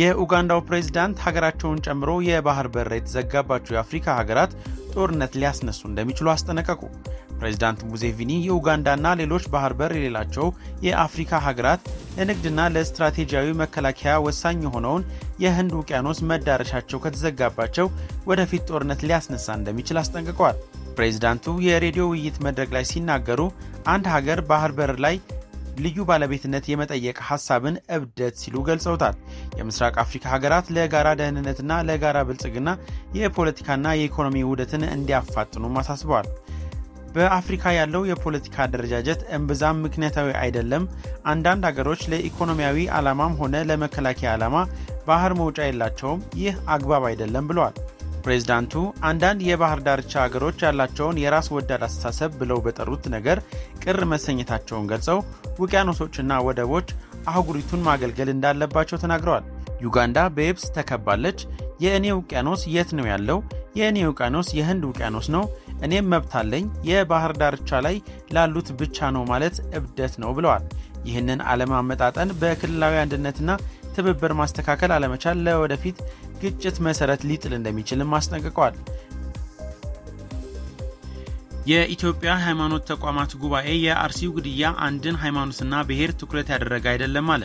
የኡጋንዳው ፕሬዝዳንት ሀገራቸውን ጨምሮ የባህር በር የተዘጋባቸው የአፍሪካ ሀገራት ጦርነት ሊያስነሱ እንደሚችሉ አስጠነቀቁ። ፕሬዝዳንት ሙሴቪኒ የኡጋንዳና ሌሎች ባህር በር የሌላቸው የአፍሪካ ሀገራት ለንግድና ለስትራቴጂያዊ መከላከያ ወሳኝ የሆነውን የህንድ ውቅያኖስ መዳረሻቸው ከተዘጋባቸው ወደፊት ጦርነት ሊያስነሳ እንደሚችል አስጠንቅቀዋል። ፕሬዝዳንቱ የሬዲዮ ውይይት መድረክ ላይ ሲናገሩ አንድ ሀገር ባህር በር ላይ ልዩ ባለቤትነት የመጠየቅ ሀሳብን እብደት ሲሉ ገልጸውታል። የምስራቅ አፍሪካ ሀገራት ለጋራ ደህንነትና ለጋራ ብልጽግና የፖለቲካና የኢኮኖሚ ውህደትን እንዲያፋጥኑም አሳስበዋል። በአፍሪካ ያለው የፖለቲካ አደረጃጀት እምብዛም ምክንያታዊ አይደለም። አንዳንድ ሀገሮች ለኢኮኖሚያዊ ዓላማም ሆነ ለመከላከያ ዓላማ ባህር መውጫ የላቸውም። ይህ አግባብ አይደለም ብለዋል። ፕሬዝዳንቱ አንዳንድ የባህር ዳርቻ ሀገሮች ያላቸውን የራስ ወዳድ አስተሳሰብ ብለው በጠሩት ነገር ቅር መሰኘታቸውን ገልጸው ውቅያኖሶችና ወደቦች አህጉሪቱን ማገልገል እንዳለባቸው ተናግረዋል። ዩጋንዳ በየብስ ተከባለች። የእኔ ውቅያኖስ የት ነው ያለው? የእኔ ውቅያኖስ የህንድ ውቅያኖስ ነው። እኔም መብት አለኝ። የባህር ዳርቻ ላይ ላሉት ብቻ ነው ማለት እብደት ነው ብለዋል። ይህንን አለማመጣጠን በክልላዊ አንድነትና ትብብር ማስተካከል አለመቻል ለወደፊት ግጭት መሰረት ሊጥል እንደሚችልም አስጠንቅቀዋል። የኢትዮጵያ ሃይማኖት ተቋማት ጉባኤ የአርሲው ግድያ አንድን ሃይማኖትና ብሔር ትኩረት ያደረገ አይደለም አለ።